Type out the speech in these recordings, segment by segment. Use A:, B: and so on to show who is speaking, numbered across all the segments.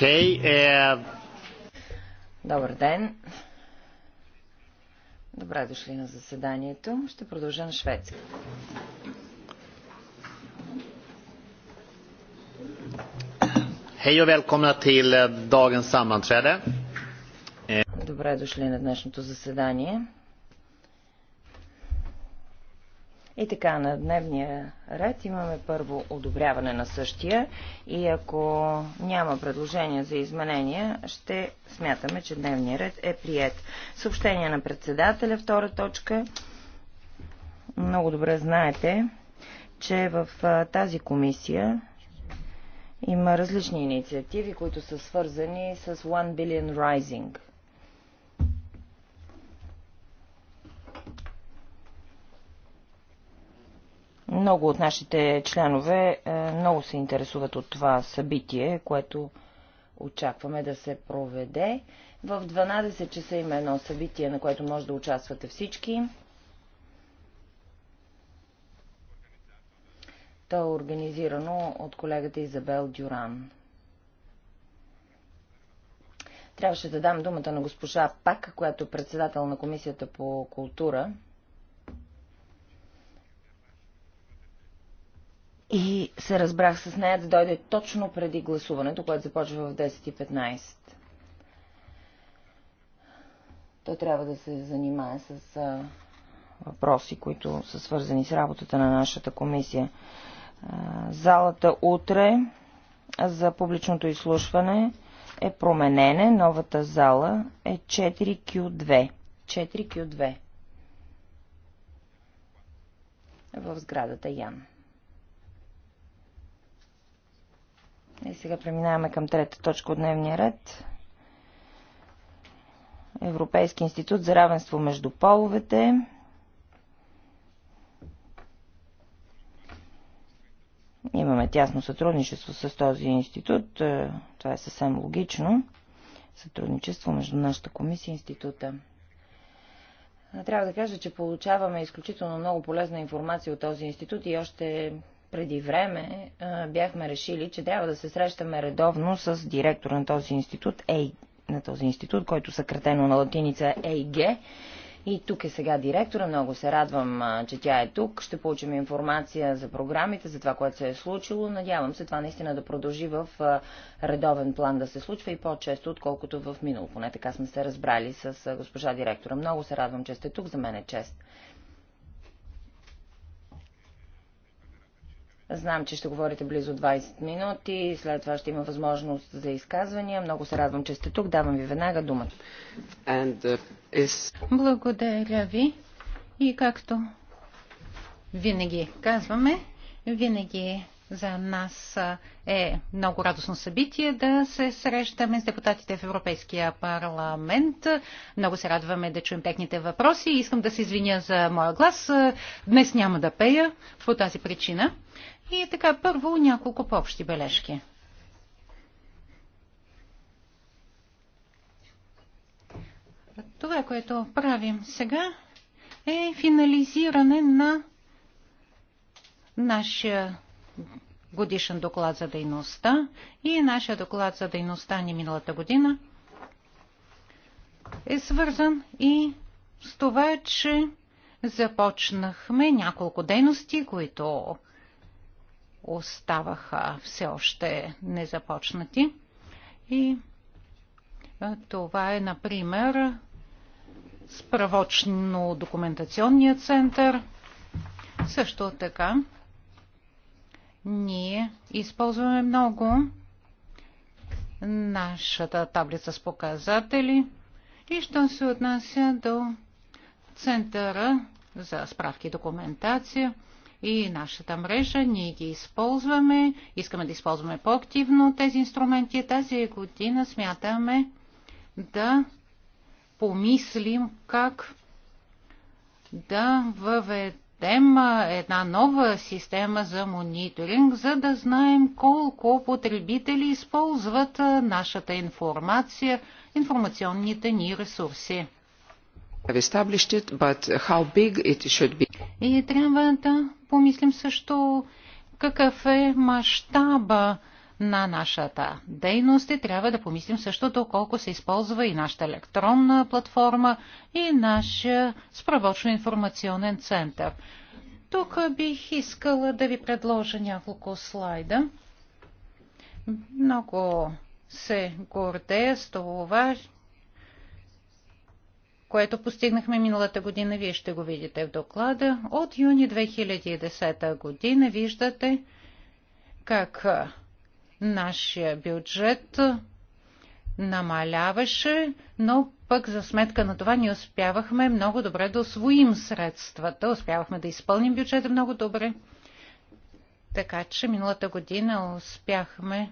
A: Okay, е... Добър ден. Добре дошли на заседанието. Ще продължа на шведски.
B: Hej och välkomna till eh, dagens sammanträde.
A: Добре дошли на днешното заседание. И така, на дневния ред имаме първо одобряване на същия и ако няма предложения за изменения, ще смятаме, че дневния ред е прият. Съобщение на председателя, втора точка. Много добре знаете, че в тази комисия има различни инициативи, които са свързани с One Billion Rising – Много от нашите членове е, много се интересуват от това събитие, което очакваме да се проведе. В 12 часа има едно събитие, на което може да участвате всички. То е организирано от колегата Изабел Дюран. Трябваше да дам думата на госпожа Пак, която е председател на Комисията по култура. И се разбрах с нея да дойде точно преди гласуването, което започва в 10.15. Той трябва да се занимае с а, въпроси, които са свързани с работата на нашата комисия. А, залата утре за публичното изслушване е променене. Новата зала е 4Q2. 4Q2 в сградата Ян. И сега преминаваме към трета точка от дневния ред. Европейски институт за равенство между половете. Имаме тясно сътрудничество с този институт. Е, това е съвсем логично. Сътрудничество между нашата комисия и института. Трябва да кажа, че получаваме изключително много полезна информация от този институт и още преди време бяхме решили, че трябва да се срещаме редовно с директор на този институт, ЕЙ, на този институт, който е съкратено на латиница ЕИГ. И тук е сега директора. Много се радвам, че тя е тук. Ще получим информация за програмите, за това, което се е случило. Надявам се това наистина да продължи в редовен план да се случва и по-често, отколкото в минало. Поне така сме се разбрали с госпожа директора. Много се радвам, че сте тук. За мен е чест. Знам, че ще говорите близо 20 минути, след това ще има възможност за изказвания. Много се радвам, че сте тук. Давам ви веднага думата. And, uh, is...
C: Благодаря ви. И както винаги казваме, винаги за нас е много радостно събитие да се срещаме с депутатите в Европейския парламент. Много се радваме да чуем техните въпроси. Искам да се извиня за моя глас. Днес няма да пея по тази причина. И така, първо няколко по-общи бележки. Това, което правим сега, е финализиране на нашия годишен доклад за дейността и нашия доклад за дейността ни миналата година е свързан и с това, че започнахме няколко дейности, които оставаха все още незапочнати. И това е, например, справочно-документационния център. Също така, ние използваме много нашата таблица с показатели и що се отнася до центъра за справки и документация, и нашата мрежа. Ние ги използваме, искаме да използваме по-активно тези инструменти. Тази година смятаме да помислим как да въведем една нова система за мониторинг, за да знаем колко потребители използват нашата информация, информационните ни ресурси. И трябва да помислим също какъв е мащаба на нашата дейност и трябва да помислим също доколко се използва и нашата електронна платформа и нашия справочно-информационен център. Тук бих искала да ви предложа няколко слайда. Много се гордея с това, което постигнахме миналата година, вие ще го видите в доклада. От юни 2010 година виждате как нашия бюджет намаляваше, но пък за сметка на това ние успявахме много добре да освоим средствата, успявахме да изпълним бюджета много добре. Така че миналата година успяхме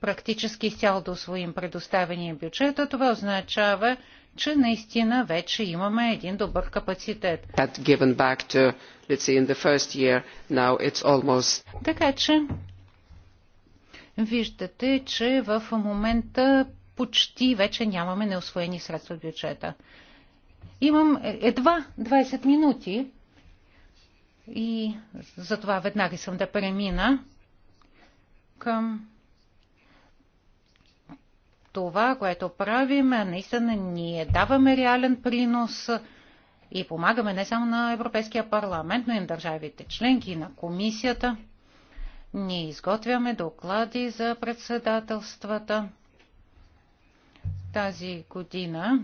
C: практически изцяло да освоим предоставения бюджет, а това означава, че наистина вече имаме един добър капацитет.
D: To, say, almost...
C: Така че виждате, че в момента почти вече нямаме неосвоени средства в бюджета. Имам едва 20 минути и затова веднага съм да премина към това, което правим, наистина ние даваме реален принос и помагаме не само на Европейския парламент, но и на държавите членки, на комисията. Ние изготвяме доклади за председателствата. Тази година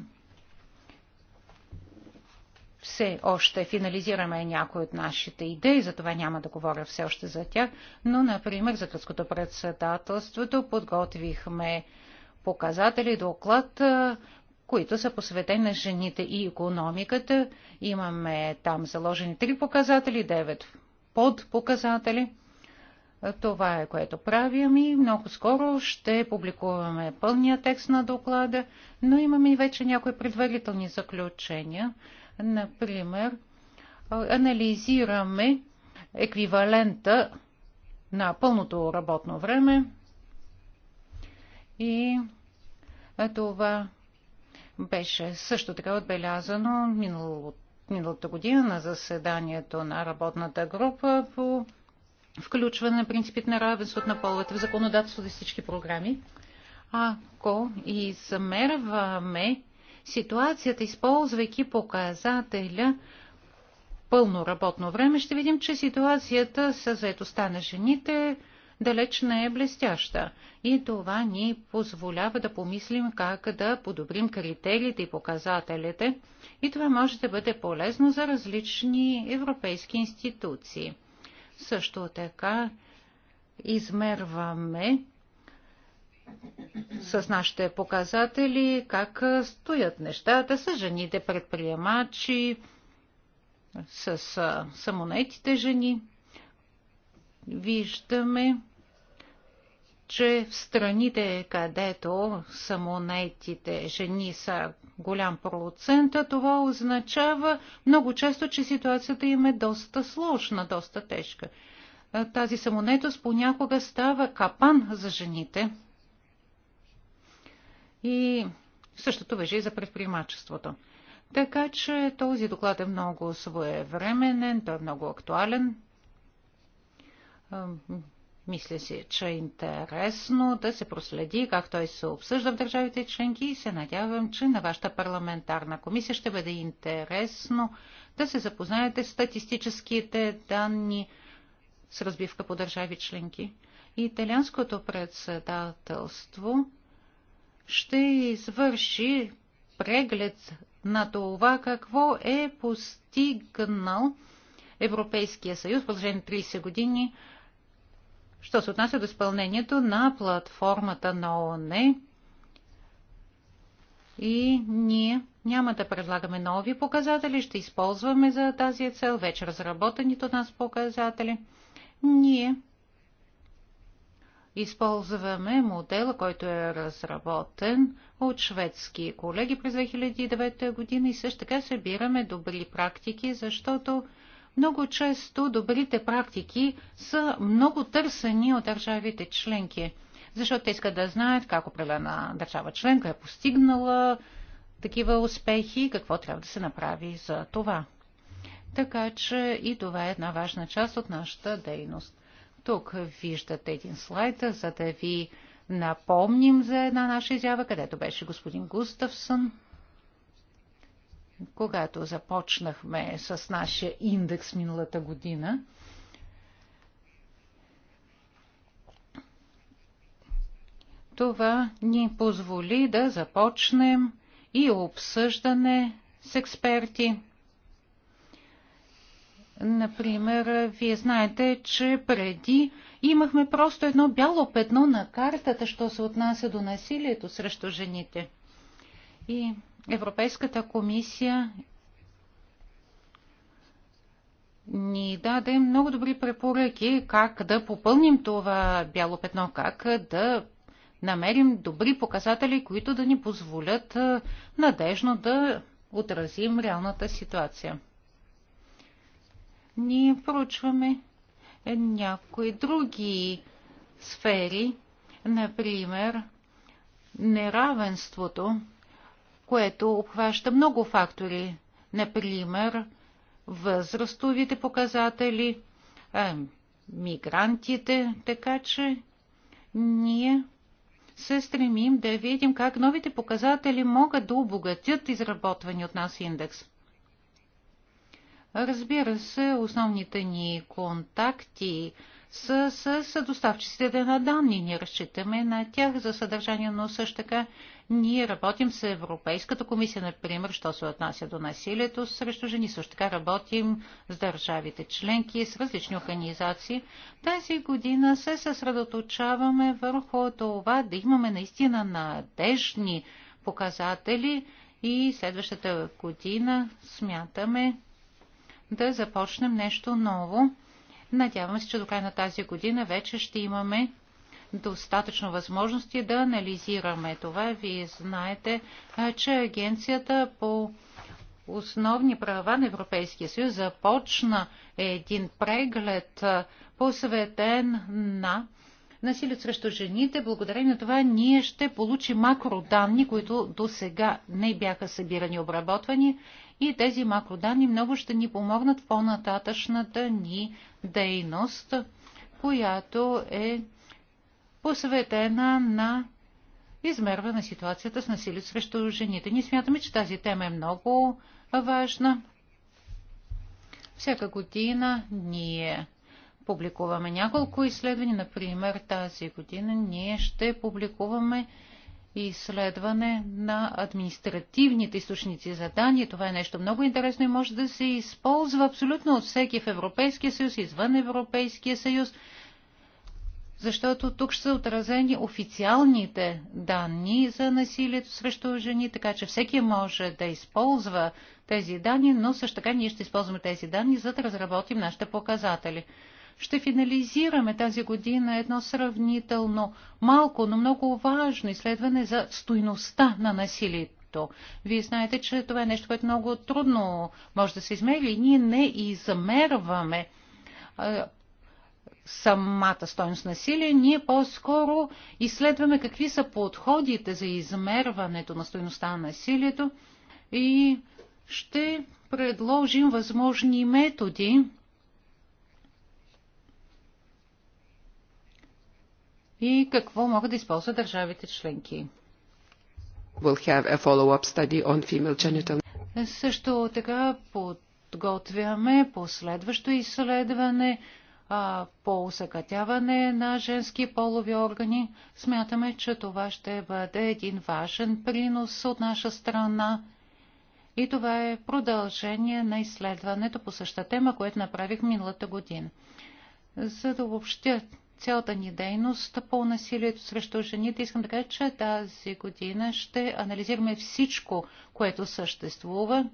C: все още финализираме някои от нашите идеи, затова няма да говоря все още за тях, но, например, за Кръцкото председателството подготвихме показатели, доклад, които са посветени на жените и економиката. Имаме там заложени три показатели, девет подпоказатели. Това е което правим и много скоро ще публикуваме пълния текст на доклада, но имаме и вече някои предварителни заключения. Например, анализираме еквивалента на пълното работно време и това беше също така отбелязано минало, миналата година на заседанието на работната група по включване на принципите на равенството на половете в законодателството и всички програми. Ако измерваме ситуацията, използвайки показателя пълно работно време, ще видим, че ситуацията с заедостта на жените далеч не е блестяща. И това ни позволява да помислим как да подобрим критериите и показателите. И това може да бъде полезно за различни европейски институции. Също така измерваме с нашите показатели как стоят нещата с жените предприемачи, с самонетите жени. Виждаме че в страните, където самонайтите жени са голям процент, това означава много често, че ситуацията им е доста сложна, доста тежка. Тази самонетост понякога става капан за жените. И същото вежи и за предприемачеството. Така че този доклад е много своевременен, той е много актуален мисля си, че е интересно да се проследи как той се обсъжда в държавите членки и се надявам, че на вашата парламентарна комисия ще бъде интересно да се запознаете с статистическите данни с разбивка по държави членки. Италианското председателство ще извърши преглед на това какво е постигнал Европейския съюз в продължение 30 години Що се отнася до изпълнението на платформата на ООН, и ние няма да предлагаме нови показатели, ще използваме за тази цел вече разработените от нас показатели. Ние използваме модела, който е разработен от шведски колеги през 2009 година и също така събираме добри практики, защото много често добрите практики са много търсени от държавите членки, защото те искат да знаят как определена държава членка е постигнала такива успехи и какво трябва да се направи за това. Така че и това е една важна част от нашата дейност. Тук виждате един слайд, за да ви напомним за една наша изява, където беше господин Густавсън. Когато започнахме с нашия индекс миналата година, това ни позволи да започнем и обсъждане с експерти. Например, вие знаете, че преди имахме просто едно бяло петно на картата, що се отнася до насилието срещу жените. И Европейската комисия ни даде много добри препоръки как да попълним това бяло петно, как да намерим добри показатели, които да ни позволят надежно да отразим реалната ситуация. Ние проучваме някои други сфери, например неравенството което обхваща много фактори, например възрастовите показатели, а, мигрантите, така че ние се стремим да видим как новите показатели могат да обогатят изработвани от нас индекс. Разбира се, основните ни контакти с, с, с доставчиците на данни. Ние разчитаме на тях за съдържание, но също така ние работим с Европейската комисия, например, що се отнася до насилието срещу жени. Също така работим с държавите членки, с различни организации. Тази година се съсредоточаваме върху това да имаме наистина надежни показатели и следващата година смятаме да започнем нещо ново. Надявам се, че до края на тази година вече ще имаме достатъчно възможности да анализираме това. Вие знаете, че Агенцията по основни права на Европейския съюз започна един преглед посветен на насилие срещу жените. Благодарение на това ние ще получим макроданни, които до сега не бяха събирани обработвани и тези макроданни много ще ни помогнат в по-нататъчната ни дейност, която е посветена на измерва на ситуацията с насилие срещу жените. Ние смятаме, че тази тема е много важна. Всяка година ние публикуваме няколко изследвания. Например, тази година ние ще публикуваме изследване на административните източници за данни. Това е нещо много интересно и може да се използва абсолютно от всеки в Европейския съюз, извън Европейския съюз защото тук ще са отразени официалните данни за насилието срещу жени, така че всеки може да използва тези данни, но също така ние ще използваме тези данни, за да разработим нашите показатели. Ще финализираме тази година едно сравнително малко, но много важно изследване за стойността на насилието Вие знаете, че това е нещо, което много трудно може да се измери. Ние не измерваме самата стойност на силия, ние по-скоро изследваме какви са подходите за измерването на стойността на насилието и ще предложим възможни методи и какво могат да използват държавите членки. We'll Също така подготвяме последващо изследване а, по усъкътяване на женски полови органи. Смятаме, че това ще бъде един важен принос от наша страна. И това е продължение на изследването по същата тема, което направих миналата година. За да обобщя цялата ни дейност по насилието срещу жените, искам да кажа, че тази година ще анализираме всичко, което съществува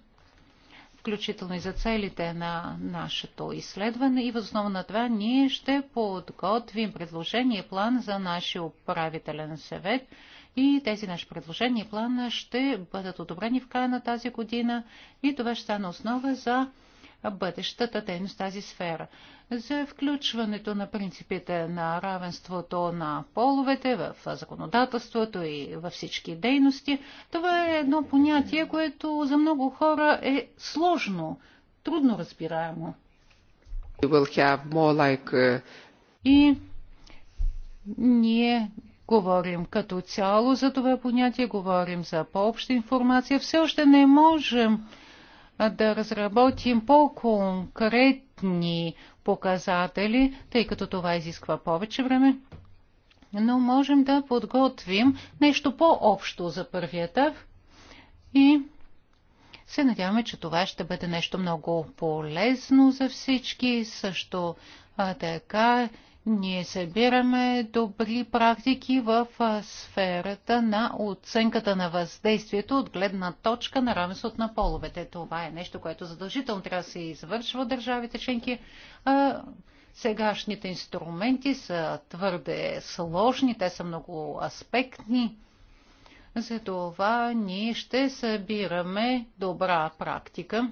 C: включително и за целите на нашето изследване и възоснова на това ние ще подготвим предложение и план за нашия управителен съвет и тези наши предложения и плана ще бъдат одобрени в края на тази година и това ще стане основа за бъдещата дейност в тази сфера. За включването на принципите на равенството на половете в законодателството и във всички дейности, това е едно понятие, което за много хора е сложно, трудно разбираемо.
D: Uh,
C: и ние говорим като цяло за това понятие, говорим за по-обща информация. Все още не можем да разработим по-конкретни показатели, тъй като това изисква повече време, но можем да подготвим нещо по-общо за първия етап и се надяваме, че това ще бъде нещо много полезно за всички. Също а, така ние събираме добри практики в сферата на оценката на въздействието от гледна точка на равенството на половете. Това е нещо, което задължително трябва да се извършва от държавите членки. Сегашните инструменти са твърде сложни, те са много аспектни. Затова ние ще събираме добра практика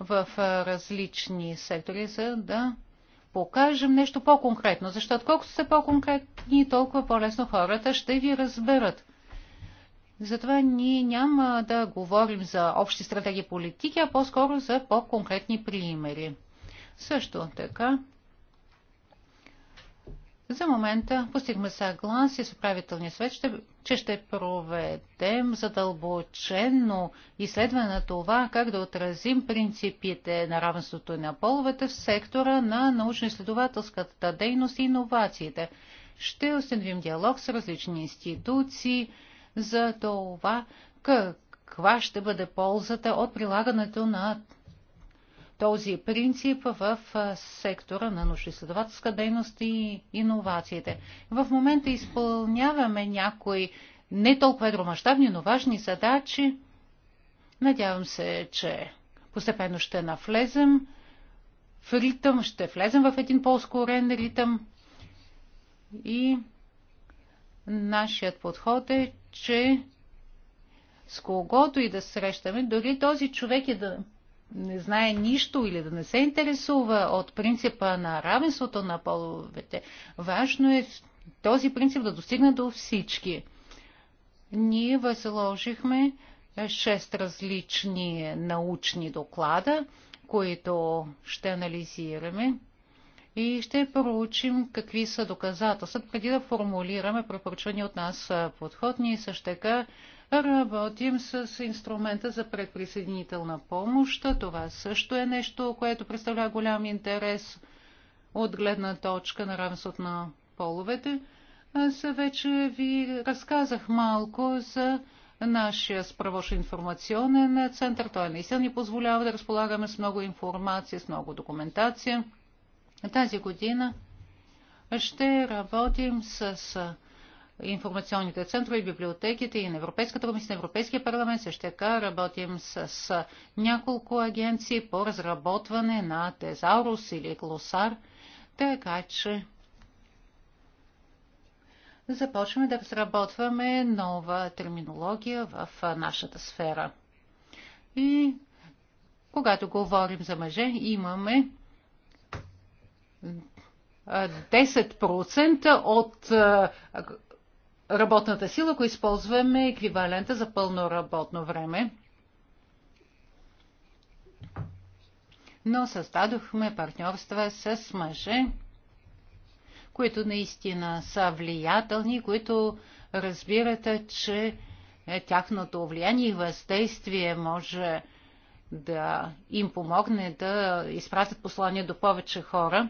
C: в различни сектори, за да покажем нещо по-конкретно, защото колкото са по-конкретни, толкова по-лесно хората ще ви разберат. Затова ние няма да говорим за общи стратегии политики, а по-скоро за по-конкретни примери. Също така, за момента постигме съгласие с управителния свет, ще че ще проведем задълбочено изследване на това как да отразим принципите на равенството и на половете в сектора на научно-изследователската дейност и иновациите. Ще установим диалог с различни институции за това каква ще бъде ползата от прилагането на този принцип в сектора на научно-изследователска дейност и иновациите. В момента изпълняваме някои не толкова едромащабни, но важни задачи. Надявам се, че постепенно ще навлезем в ритъм, ще влезем в един по-скорен ритъм и нашият подход е, че с когото и да срещаме, дори този човек и да не знае нищо или да не се интересува от принципа на равенството на половете. Важно е този принцип да достигне до всички. Ние възложихме шест различни научни доклада, които ще анализираме и ще проучим какви са доказателства, преди да формулираме препоръчвани от нас подход. Ние също така Работим с инструмента за предприсъединителна помощ. Това също е нещо, което представлява голям интерес от гледна точка на равенството на половете. Аз вече ви разказах малко за нашия справош информационен център. Той наистина ни позволява да разполагаме с много информация, с много документация. Тази година ще работим с информационните центрове, библиотеките и на Европейската комисия, на Европейския парламент. Също така работим с, с няколко агенции по разработване на тезаурус или глосар, така че започваме да разработваме нова терминология в нашата сфера. И когато говорим за мъже, имаме 10% от работната сила, ако използваме еквивалента за пълно работно време. Но създадохме партньорства с мъже, които наистина са влиятелни, които разбират, че тяхното влияние и въздействие може да им помогне да изпратят послание до повече хора.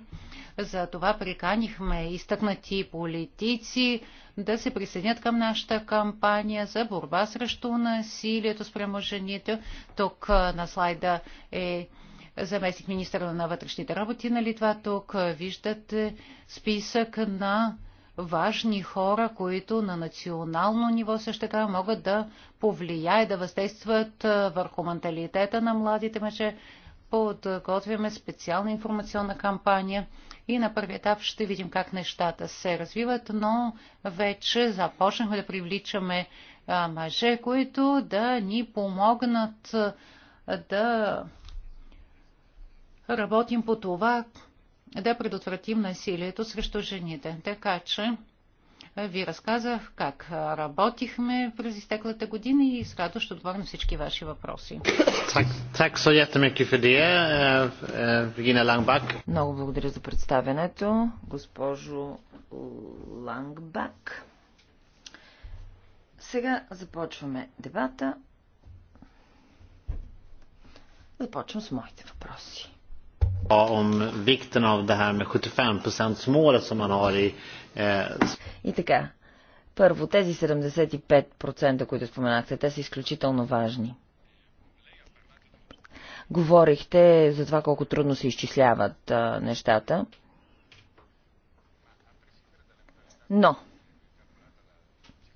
C: За това приканихме изтъкнати политици да се присъединят към нашата кампания за борба срещу насилието спрямо жените. Тук на слайда е заместник министра на вътрешните работи на Литва. Тук виждате списък на важни хора, които на национално ниво също така могат да повлияят, да въздействат върху менталитета на младите мъже. Подготвяме специална информационна кампания и на първи етап ще видим как нещата се развиват, но вече започнахме да привличаме мъже, които да ни помогнат да работим по това, да предотвратим насилието срещу жените. Така че е, ви разказах как е, работихме през изтеклата година и с радост ще отговоря на всички ваши въпроси.
A: Е, Много благодаря за представянето, госпожо Лангбак. Сега започваме дебата. Започвам с моите въпроси.
B: Om vikten av det här med 75 som man har i... Eh,
A: и така, първо, тези 75%, които споменахте, те са изключително важни. Говорихте за това колко трудно се изчисляват а, нещата. Но,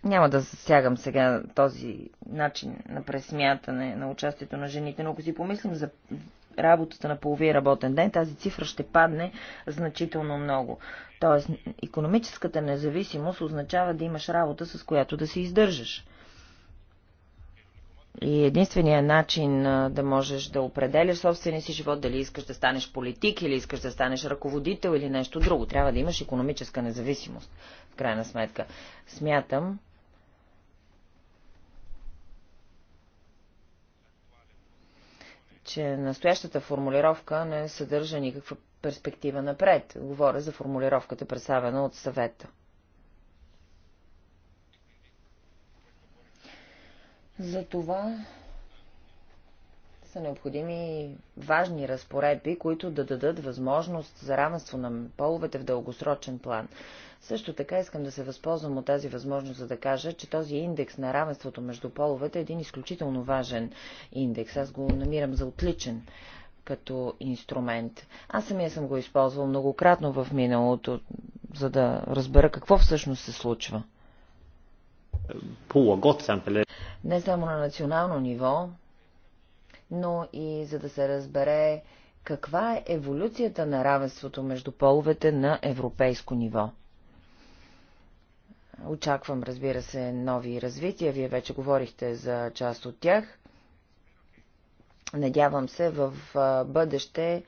A: няма да засягам сега този начин на пресмятане на участието на жените, но ако си помислим за работата на половия работен ден, тази цифра ще падне значително много. Тоест, економическата независимост означава да имаш работа, с която да се издържаш. И единственият начин да можеш да определяш собствения си живот, дали искаш да станеш политик или искаш да станеш ръководител или нещо друго. Трябва да имаш економическа независимост, в крайна сметка. Смятам, че настоящата формулировка не съдържа никаква перспектива напред. Говоря за формулировката, представена от съвета. Затова са необходими важни разпоредби, които да дадат възможност за равенство на половете в дългосрочен план. Също така искам да се възползвам от тази възможност, за да кажа, че този индекс на равенството между половете е един изключително важен индекс. Аз го намирам за отличен като инструмент. Аз самия съм го използвал многократно в миналото, за да разбера какво всъщност се случва. Не само на национално ниво, но и за да се разбере каква е еволюцията на равенството между половете на европейско ниво. Очаквам, разбира се, нови развития. Вие вече говорихте за част от тях. Надявам се в бъдеще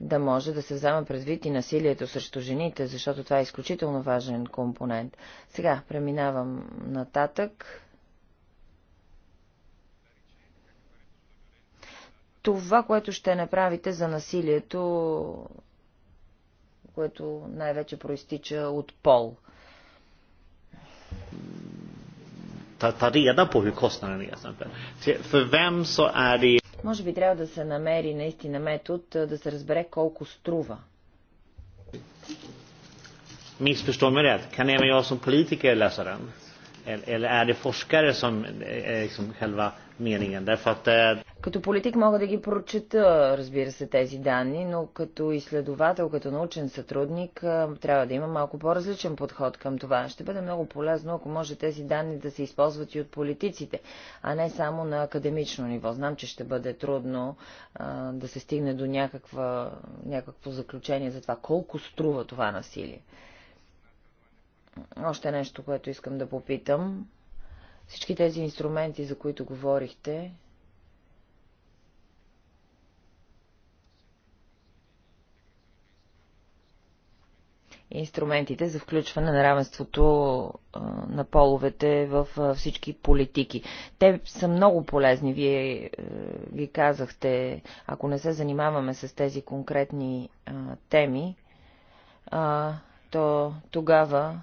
A: да може да се взема предвид и насилието срещу жените, защото това е изключително важен компонент. Сега преминавам нататък. това, което ще направите за насилието, което най-вече проистича от пол.
B: Та, та реда по викосна, нали, ари...
A: Може би трябва да се намери наистина метод да се разбере колко струва.
B: Мисля, ме ред. Кане ме я съм политик и е е, е, е, е, е, е, е, е, е, е,
A: като политик мога да ги прочета, разбира се, тези данни, но като изследовател, като научен сътрудник, трябва да има малко по-различен подход към това. Ще бъде много полезно, ако може тези данни да се използват и от политиците, а не само на академично ниво. Знам, че ще бъде трудно а, да се стигне до някаква, някакво заключение за това колко струва това насилие. Още нещо, което искам да попитам. Всички тези инструменти, за които говорихте, инструментите за включване на равенството на половете в всички политики. Те са много полезни, вие ви казахте, ако не се занимаваме с тези конкретни теми, то тогава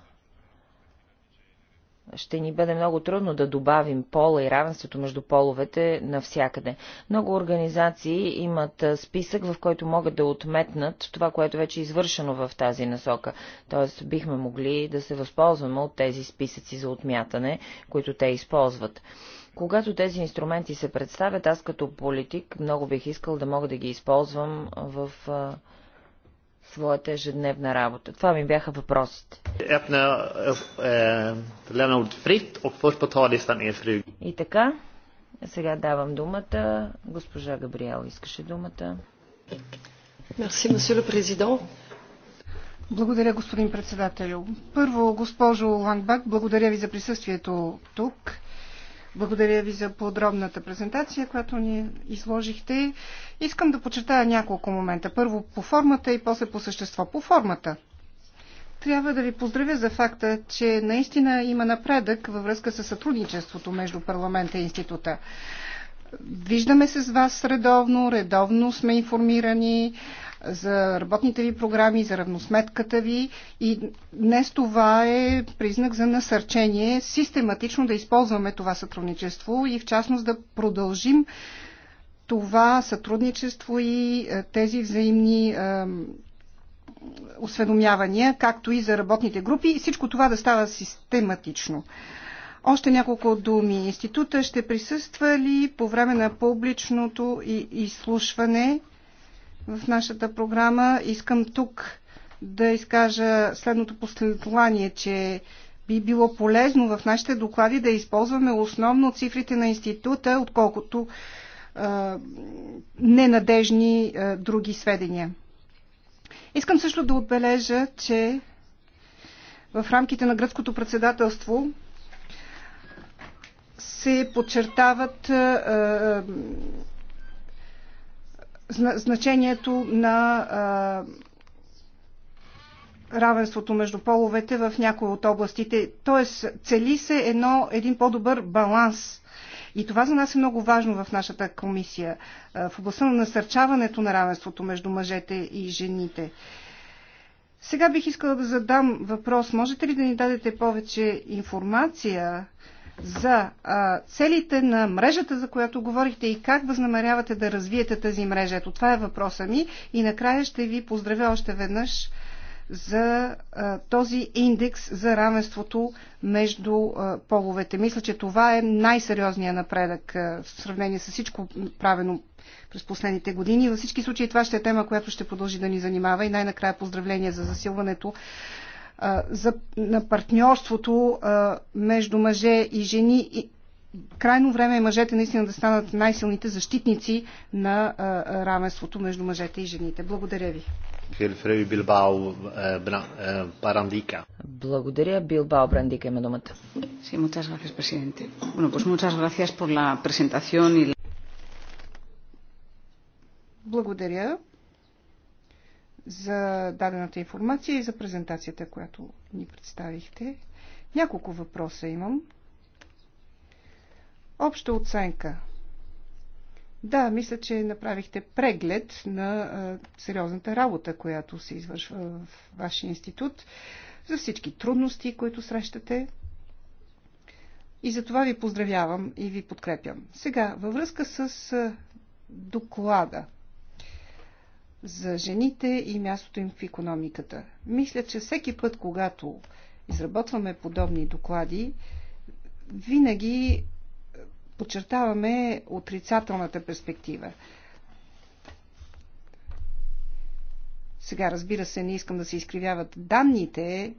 A: ще ни бъде много трудно да добавим пола и равенството между половете навсякъде. Много организации имат списък, в който могат да отметнат това, което вече е извършено в тази насока. Тоест бихме могли да се възползваме от тези списъци за отмятане, които те използват. Когато тези инструменти се представят, аз като политик много бих искал да мога да ги използвам в своята ежедневна работа? Това ми бяха въпросите. Е, е, е И така, сега давам думата. Госпожа Габриел искаше думата.
D: Мерси, президент. Благодаря, господин председател. Първо, госпожо Ландбак, благодаря ви за присъствието тук. Благодаря ви за подробната презентация, която ни изложихте. Искам да почетая няколко момента. Първо по формата и после по същество. По формата. Трябва да ви поздравя за факта, че наистина има напредък във връзка с сътрудничеството между парламента и института. Виждаме се с вас редовно, редовно сме информирани за работните ви програми, за равносметката ви и днес това е признак за насърчение систематично да използваме това сътрудничество и в частност да продължим това сътрудничество и е, тези взаимни е, осведомявания, както и за работните групи. И всичко това да става систематично. Още няколко думи. Института ще присъства ли по време на публичното и изслушване в нашата програма? Искам тук да изкажа следното послание, че би било полезно в нашите доклади да използваме основно цифрите на института, отколкото е, ненадежни е, други сведения. Искам също да отбележа, че в рамките на гръцкото председателство се подчертават е, е, значението на е, равенството между половете в някои от областите. Тоест, цели се едно, един по-добър баланс. И това за нас е много важно в нашата комисия, в областта на насърчаването на равенството между мъжете и жените. Сега бих искала да задам въпрос. Можете ли да ни дадете повече информация за а, целите на мрежата, за която говорихте и как възнамерявате да развиете тази мрежа. Ето това е въпроса ми и накрая ще ви поздравя още веднъж за а, този индекс за равенството между а, половете. Мисля, че това е най-сериозният напредък а, в сравнение с всичко правено през последните години. Във всички случаи това ще е тема, която ще продължи да ни занимава и най-накрая поздравления за засилването за, на партньорството а, между мъже и жени. И, крайно време е мъжете наистина да станат най-силните защитници на а, равенството между мъжете и жените.
A: Благодаря ви. Е, е, Благодаря. Билбао Брандика има думата.
D: Благодаря за дадената информация и за презентацията, която ни представихте. Няколко въпроса имам. Обща оценка. Да, мисля, че направихте преглед на а, сериозната работа, която се извършва в вашия институт, за всички трудности, които срещате. И за това ви поздравявам и ви подкрепям. Сега, във връзка с доклада за жените и мястото им в економиката. Мисля, че всеки път, когато изработваме подобни доклади, винаги подчертаваме отрицателната перспектива. Сега, разбира се, не искам да се изкривяват данните,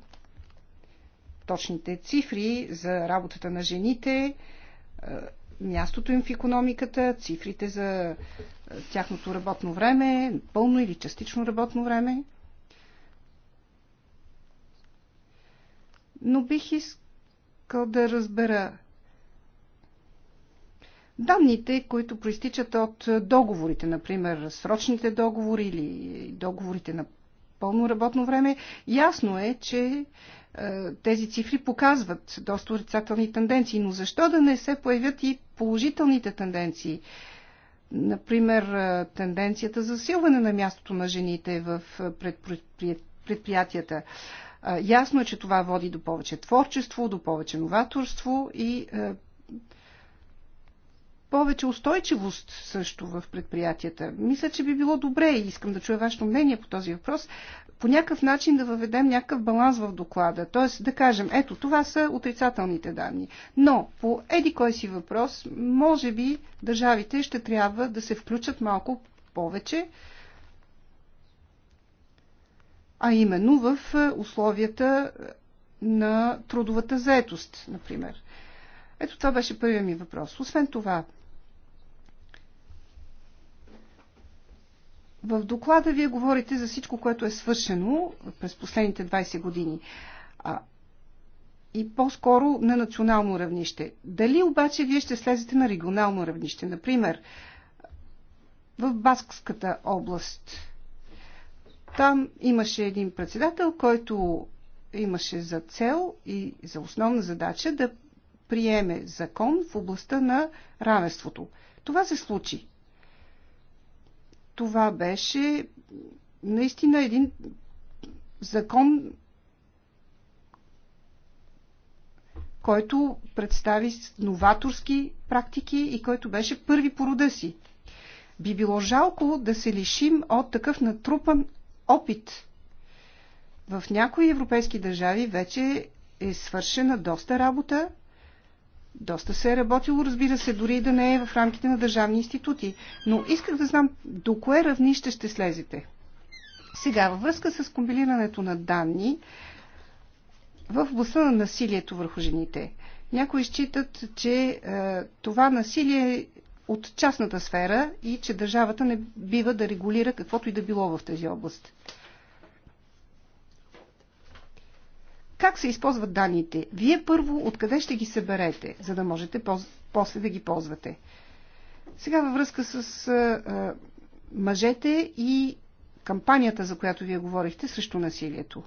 D: точните цифри за работата на жените мястото им в економиката, цифрите за е, тяхното работно време, пълно или частично работно време. Но бих искал да разбера данните, които проистичат от договорите, например срочните договори или договорите на пълно работно време. Ясно е, че е, тези цифри показват доста отрицателни тенденции, но защо да не се появят и положителните тенденции? Например, е, тенденцията за силване на мястото на жените в е, предприятията. Ясно е, че това води до повече творчество, до повече новаторство и повече устойчивост също в предприятията. Мисля, че би било добре и искам да чуя вашето мнение по този въпрос. По някакъв начин да въведем някакъв баланс в доклада. Тоест да кажем, ето това са отрицателните данни. Но по еди кой си въпрос, може би държавите ще трябва да се включат малко повече, а именно в е, условията е, на трудовата заетост, например. Ето това беше първият ми въпрос. Освен това, В доклада вие говорите за всичко, което е свършено през последните 20 години. А, и по-скоро на национално равнище. Дали обаче вие ще слезете на регионално равнище? Например, в Баскската област. Там имаше един председател, който имаше за цел и за основна задача да приеме закон в областта на равенството. Това се случи. Това беше наистина един закон, който представи новаторски практики и който беше първи по рода си. Би било жалко да се лишим от такъв натрупан опит. В някои европейски държави вече е свършена доста работа доста се е работило, разбира се, дори да не е в рамките на държавни институти. Но исках да знам до кое равнище ще слезете. Сега, във връзка с комбинирането на данни в областта на насилието върху жените. Някои считат, че е, това насилие е от частната сфера и че държавата не бива да регулира каквото и да било в тази област. как се използват данните. Вие първо откъде ще ги съберете, за да можете после да ги ползвате. Сега във връзка с а, мъжете и кампанията, за която вие говорихте, срещу насилието.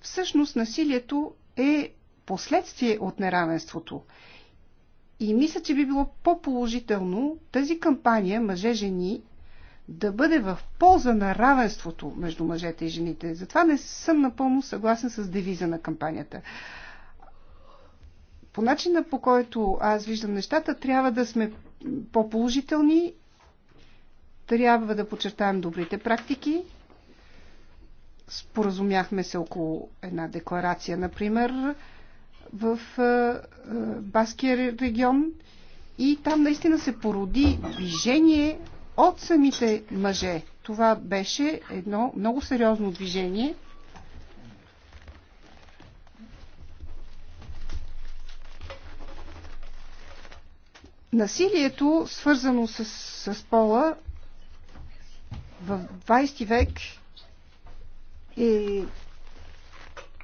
D: Всъщност насилието е последствие от неравенството. И мисля, че би било по-положително тази кампания мъже-жени да бъде в полза на равенството между мъжете и жените. Затова не съм напълно съгласен с девиза на кампанията. По начина по който аз виждам нещата, трябва да сме по-положителни, трябва да подчертаем добрите практики. Споразумяхме се около една декларация, например, в е, е, Баския регион. И там наистина се породи движение от самите мъже. Това беше едно много сериозно движение. Насилието, свързано с, с пола, в 20 век е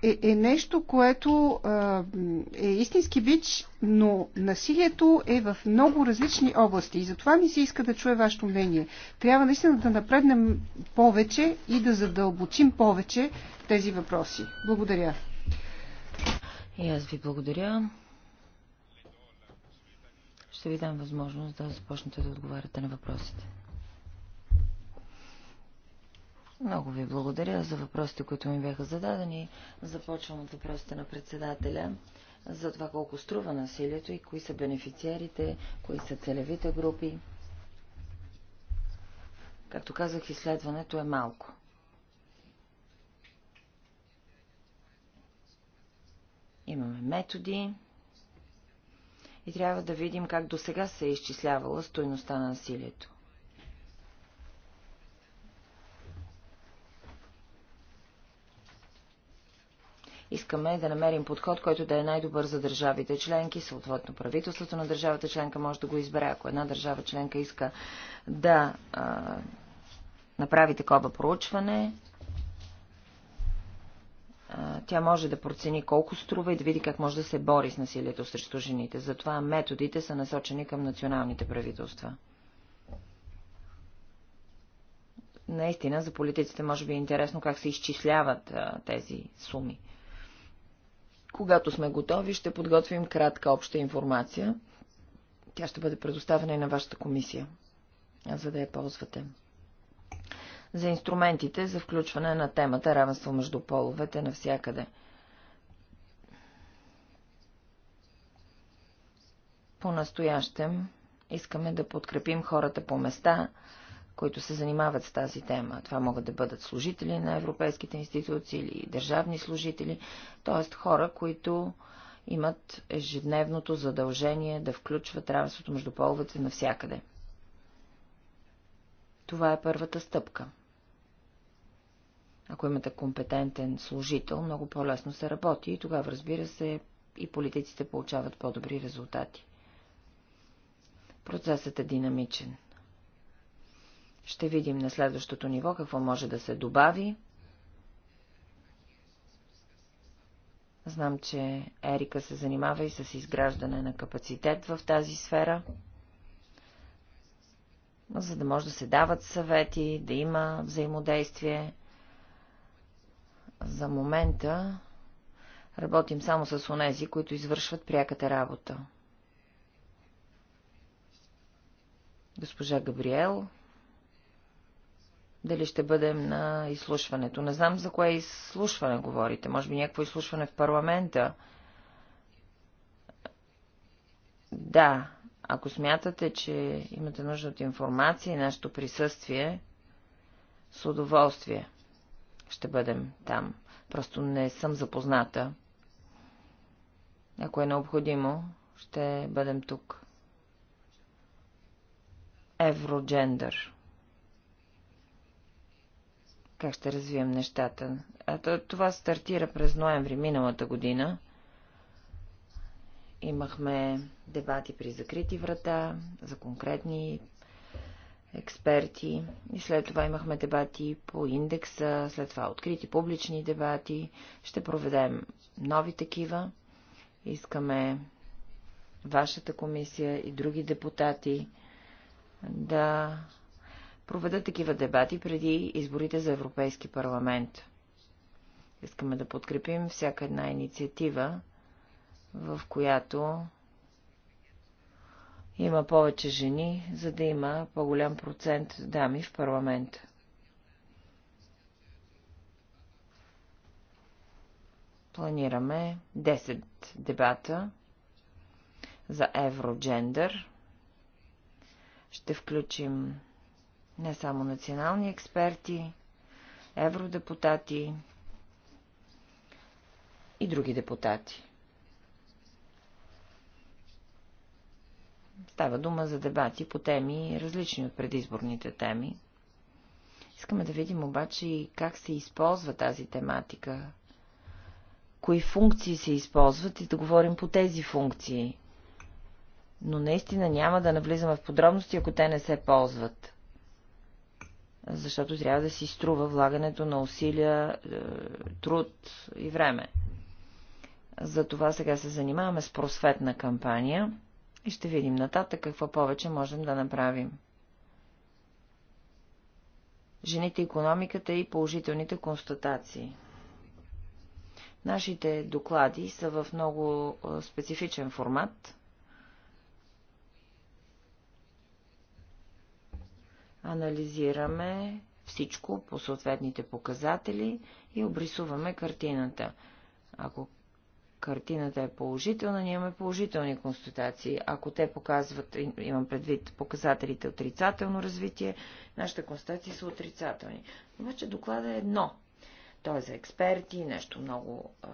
D: е, е нещо, което е, е истински бич, но насилието е в много различни области. И затова ми се иска да чуя вашето мнение. Трябва наистина да напреднем повече и да
A: задълбочим повече тези въпроси. Благодаря. И аз ви благодаря. Ще ви дам възможност да започнете да отговаряте на въпросите. Много ви благодаря за въпросите, които ми бяха зададени. Започвам от въпросите на председателя за това колко струва насилието и кои са бенефициерите, кои са целевите групи. Както казах, изследването е малко. Имаме методи и трябва да видим как до сега се е изчислявала стойността на насилието. Искаме да намерим подход, който да е най-добър за държавите членки, съответно правителството на държавата членка може да го избере. Ако една държава членка иска да а, направи такова проучване, тя може да процени колко струва и да види как може да се бори с насилието срещу жените. Затова методите са насочени към националните правителства. Наистина, за политиците може би е интересно как се изчисляват а, тези суми. Когато сме готови, ще подготвим кратка обща информация. Тя ще бъде предоставена и на вашата комисия, за да я ползвате. За инструментите за включване на темата равенство между половете навсякъде. По-настоящем искаме да подкрепим хората по места, които се занимават с тази тема. Това могат да бъдат служители на европейските институции или държавни служители, т.е. хора, които имат ежедневното задължение да включват равенството между половете навсякъде. Това е първата стъпка. Ако имате компетентен служител, много по-лесно се работи и тогава, разбира се, и политиците получават по-добри резултати. Процесът е динамичен. Ще видим на следващото ниво какво може да се добави. Знам, че Ерика се занимава и с изграждане на капацитет в тази сфера, за да може да се дават съвети, да има взаимодействие. За момента работим само с онези, които извършват пряката работа. Госпожа Габриел дали ще бъдем на изслушването. Не знам за кое изслушване говорите. Може би някакво изслушване в парламента. Да, ако смятате, че имате нужда от информация и нашето присъствие, с удоволствие ще бъдем там. Просто не съм запозната. Ако е необходимо, ще бъдем тук. Евроджендър как ще развием нещата. А това стартира през ноември миналата година. Имахме дебати при закрити врата за конкретни експерти и след това имахме дебати по индекса, след това открити публични дебати. Ще проведем нови такива. Искаме вашата комисия и други депутати да проведат такива дебати преди изборите за Европейски парламент. Искаме да подкрепим всяка една инициатива, в която има повече жени, за да има по-голям процент дами в парламент. Планираме 10 дебата за евроджендър. Ще включим не само национални експерти, евродепутати и други депутати. Става дума за дебати по теми, различни от предизборните теми. Искаме да видим обаче и как се използва тази тематика, кои функции се използват и да говорим по тези функции. Но наистина няма да навлизаме в подробности, ако те не се ползват защото трябва да си струва влагането на усилия, е, труд и време. Затова сега се занимаваме с просветна кампания и ще видим нататък какво повече можем да направим. Жените, економиката и положителните констатации. Нашите доклади са в много е, специфичен формат. анализираме всичко по съответните показатели и обрисуваме картината. Ако картината е положителна, ние имаме положителни констатации. Ако те показват, имам предвид показателите отрицателно развитие, нашите констатации са отрицателни. Обаче доклада е едно. Той е за експерти, нещо много е,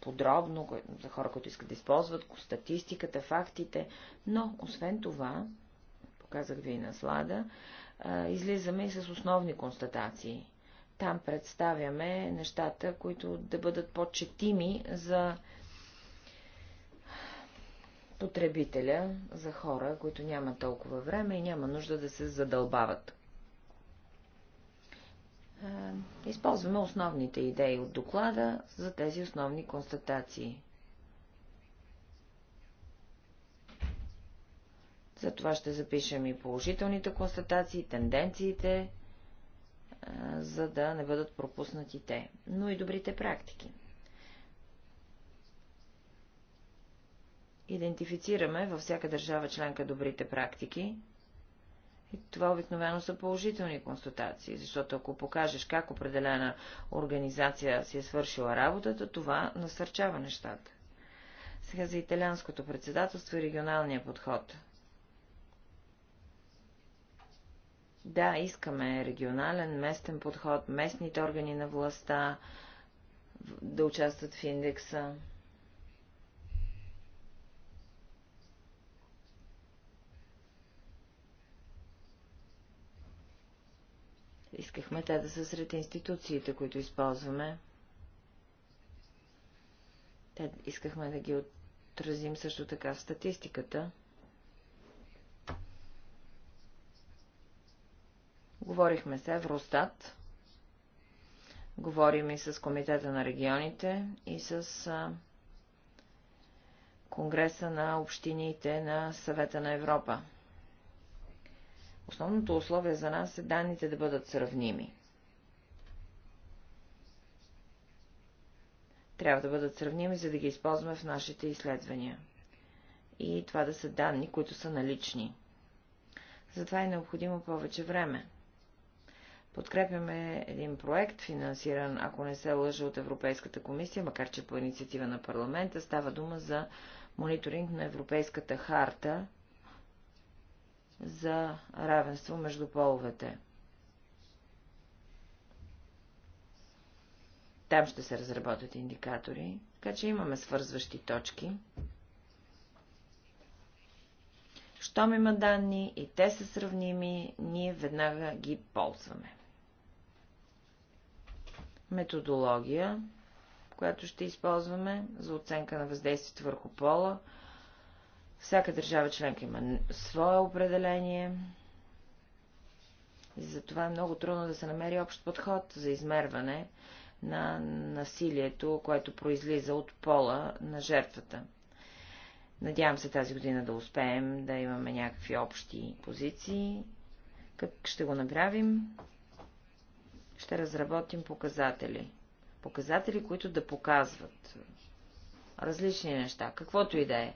A: подробно, за хора, които искат да използват статистиката, фактите. Но, освен това, показах ви и на слада, излизаме и с основни констатации. Там представяме нещата, които да бъдат по-четими за потребителя, за хора, които няма толкова време и няма нужда да се задълбават. Използваме основните идеи от доклада за тези основни констатации. Затова ще запишем и положителните констатации, тенденциите, за да не бъдат пропуснати те, но и добрите практики. Идентифицираме във всяка държава членка добрите практики, и това обикновено са положителни констатации, защото ако покажеш как определена организация си е свършила работата, това насърчава нещата. Сега за италианското председателство и регионалния подход. Да, искаме регионален, местен подход, местните органи на властта да участват в индекса. Искахме те да са сред институциите, които използваме. Те искахме да ги отразим също така в статистиката. Говорихме с Евростат, говорим и с Комитета на регионите и с Конгреса на общините на Съвета на Европа. Основното условие за нас е данните да бъдат сравними. Трябва да бъдат сравними, за да ги използваме в нашите изследвания. И това да са данни, които са налични. Затова е необходимо повече време. Подкрепяме един проект, финансиран, ако не се лъжа, от Европейската комисия, макар че по инициатива на парламента, става дума за мониторинг на Европейската харта за равенство между половете. Там ще се разработят индикатори, така че имаме свързващи точки. Щом има данни и те са сравними, ние веднага ги ползваме методология, която ще използваме за оценка на въздействието върху пола. Всяка държава членка има свое определение. И затова е много трудно да се намери общ подход за измерване на насилието, което произлиза от пола на жертвата. Надявам се тази година да успеем да имаме някакви общи позиции. Как ще го направим? ще разработим показатели. Показатели, които да показват различни неща, каквото и да е,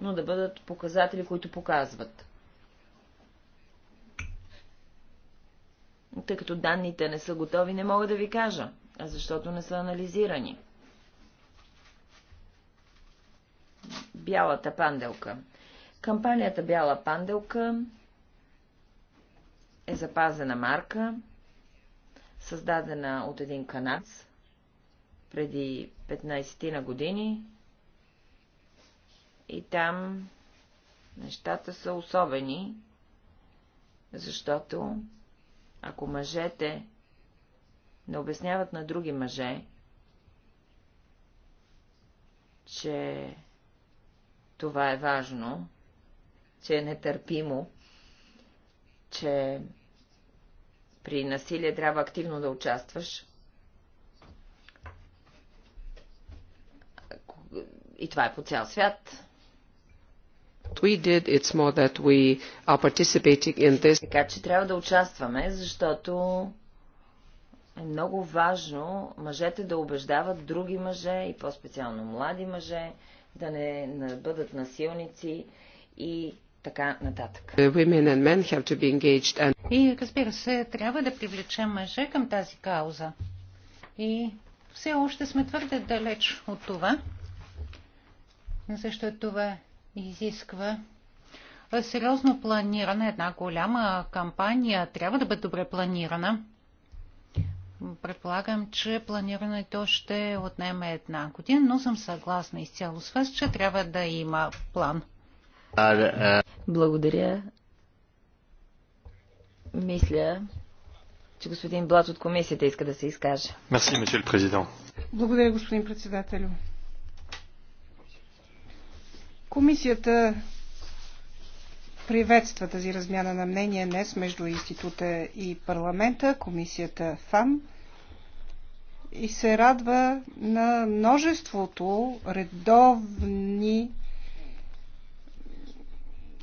A: но да бъдат показатели, които показват. Тъй като данните не са готови, не мога да ви кажа, защото не са анализирани. Бялата панделка. Кампанията Бяла панделка е запазена марка създадена от един канадц преди 15 ти на години. И там нещата са особени, защото ако мъжете не обясняват на други мъже, че това е важно, че е нетърпимо, че при насилие трябва активно да участваш. И това е по цял свят. Did, така че трябва да участваме, защото е много важно мъжете да убеждават други мъже и по-специално млади мъже да не бъдат насилници и така нататък.
D: And...
C: И
A: разбира се, трябва да привлечем мъже към тази кауза.
C: И все още сме твърде далеч от това, защото това изисква сериозно планиране. Една голяма кампания трябва да бъде добре планирана. Предполагам, че планирането ще отнеме една година, но съм съгласна изцяло с вас, че трябва
A: да има план. Uh, Благодаря. Мисля, че господин Блат от комисията иска да се изкаже.
B: Мерси, президент.
D: Благодаря, господин председателю. Комисията приветства тази размяна на мнение днес между института и парламента, комисията ФАМ и се радва на множеството редовни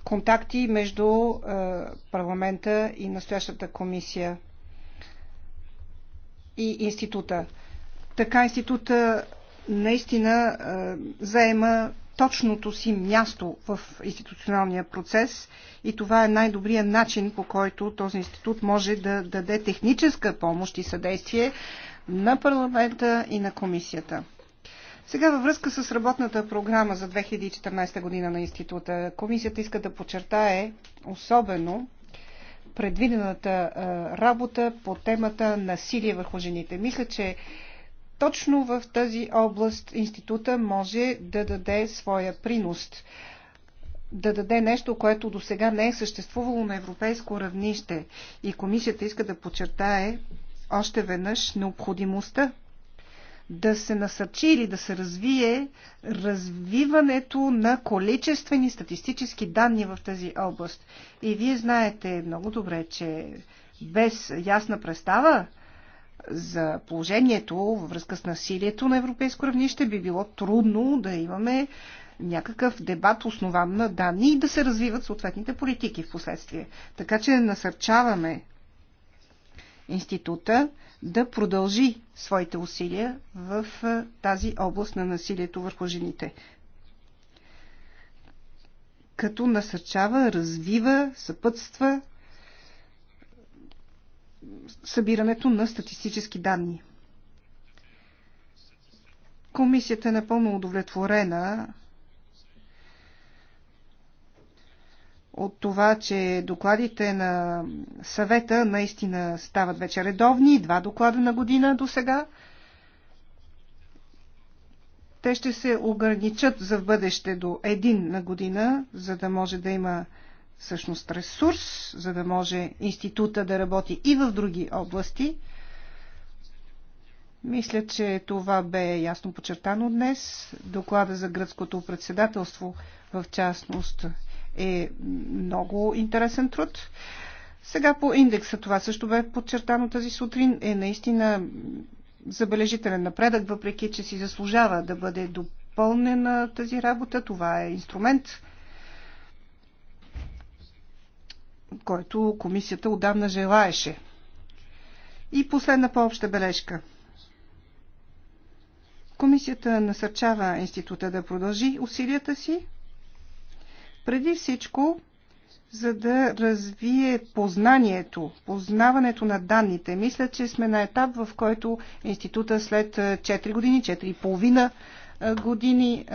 D: контакти между е, парламента и настоящата комисия и института. Така института наистина е, заема точното си място в институционалния процес и това е най-добрият начин, по който този институт може да даде техническа помощ и съдействие на парламента и на комисията. Сега във връзка с работната програма за 2014 година на института, комисията иска да подчертае особено предвидената работа по темата насилие върху жените. Мисля, че точно в тази област института може да даде своя принос да даде нещо, което до сега не е съществувало на европейско равнище. И комисията иска да подчертае още веднъж необходимостта да се насърчи или да се развие развиването на количествени статистически данни в тази област. И вие знаете много добре, че без ясна представа за положението във връзка с насилието на европейско равнище би било трудно да имаме някакъв дебат, основан на данни и да се развиват съответните политики в последствие. Така че насърчаваме института да продължи своите усилия в тази област на насилието върху жените. Като насърчава, развива, съпътства събирането на статистически данни. Комисията е напълно удовлетворена от това, че докладите на съвета наистина стават вече редовни, два доклада на година до сега. Те ще се ограничат за в бъдеще до един на година, за да може да има всъщност ресурс, за да може института да работи и в други области. Мисля, че това бе ясно подчертано днес. Доклада за гръцкото председателство в частност е много интересен труд. Сега по индекса, това също бе подчертано тази сутрин, е наистина забележителен напредък, въпреки че си заслужава да бъде допълнена тази работа. Това е инструмент, който комисията отдавна желаеше. И последна по-обща бележка. Комисията насърчава института да продължи усилията си преди всичко, за да развие познанието, познаването на данните. Мисля, че сме на етап, в който института след 4 години, 4,5 години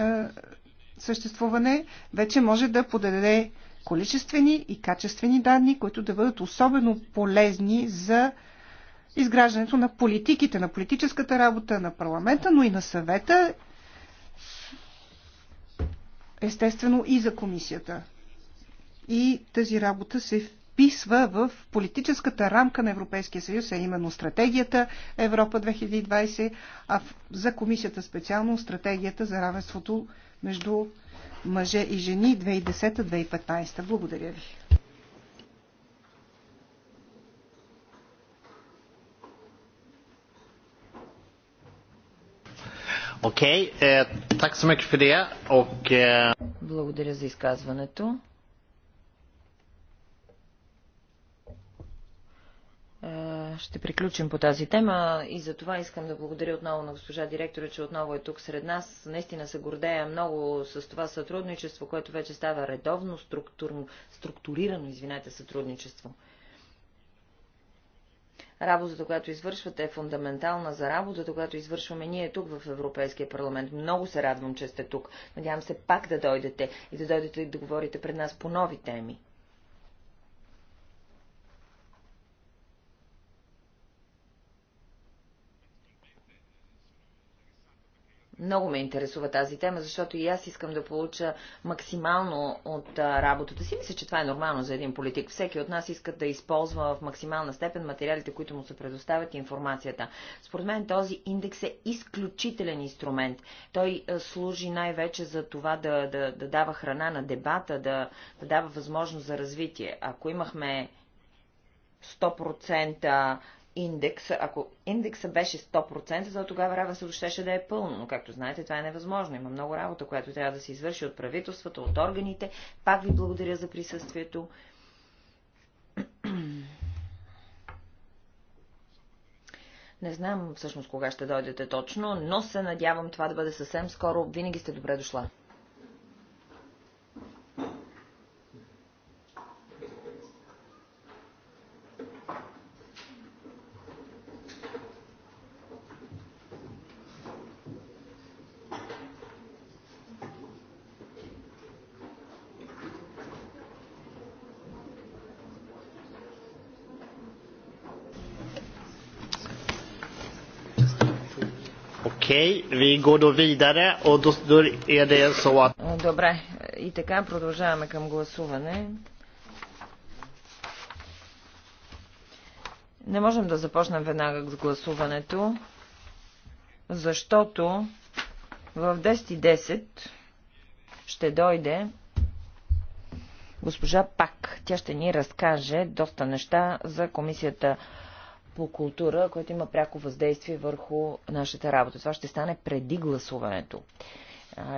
D: съществуване, вече може да подаде количествени и качествени данни, които да бъдат особено полезни за изграждането на политиките, на политическата работа, на парламента, но и на съвета естествено и за комисията. И тази работа се вписва в политическата рамка на Европейския съюз, а именно стратегията Европа 2020, а за комисията специално стратегията за равенството между мъже и жени 2010-2015. Благодаря ви.
B: Окей, так съм
A: Благодаря за изказването. Е, ще приключим по тази тема и за това искам да благодаря отново на госпожа директора, че отново е тук сред нас. Наистина се гордея много с това сътрудничество, което вече става редовно, структурно, структурирано, извинете, сътрудничество. Работата, която извършвате, е фундаментална за работата, която извършваме ние тук в Европейския парламент. Много се радвам, че сте тук. Надявам се пак да дойдете и да дойдете и да говорите пред нас по нови теми. Много ме интересува тази тема, защото и аз искам да получа максимално от работата си. Мисля, че това е нормално за един политик. Всеки от нас иска да използва в максимална степен материалите, които му се предоставят и информацията. Според мен този индекс е изключителен инструмент. Той служи най-вече за това да, да, да дава храна на дебата, да, да дава възможност за развитие. Ако имахме 100% индекса, ако индекса беше 100%, за тогава се щеше да е пълно, но както знаете, това е невъзможно. Има много работа, която трябва да се извърши от правителствата, от органите. Пак ви благодаря за присъствието. Не знам всъщност кога ще дойдете точно, но се надявам това да бъде съвсем скоро. Винаги сте добре дошла. Добре, и така продължаваме към гласуване. Не можем да започнем веднага с гласуването, защото в 10.10 .10 ще дойде госпожа Пак. Тя ще ни разкаже доста неща за комисията по култура, което има пряко въздействие върху нашата работа. Това ще стане преди гласуването.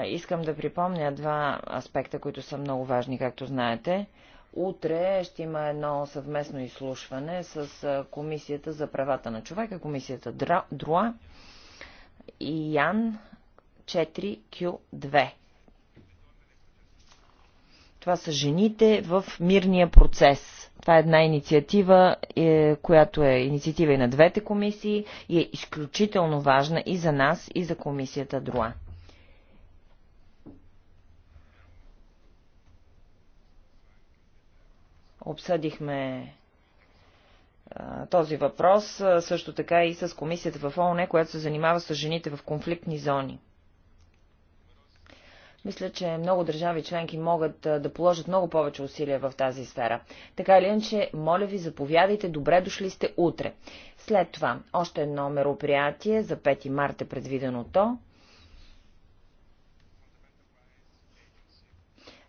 A: Искам да припомня два аспекта, които са много важни, както знаете. Утре ще има едно съвместно изслушване с Комисията за правата на човека, Комисията ДРУА и Ян 4Q2. Това са жените в мирния процес. Това е една инициатива, е, която е инициатива и на двете комисии и е изключително важна и за нас, и за комисията ДРУА. Обсъдихме този въпрос, също така и с комисията в ООН, която се занимава с жените в конфликтни зони. Мисля, че много държави членки могат да положат много повече усилия в тази сфера. Така или иначе, моля ви, заповядайте, добре дошли сте утре. След това, още едно мероприятие, за 5 марта е предвидено то.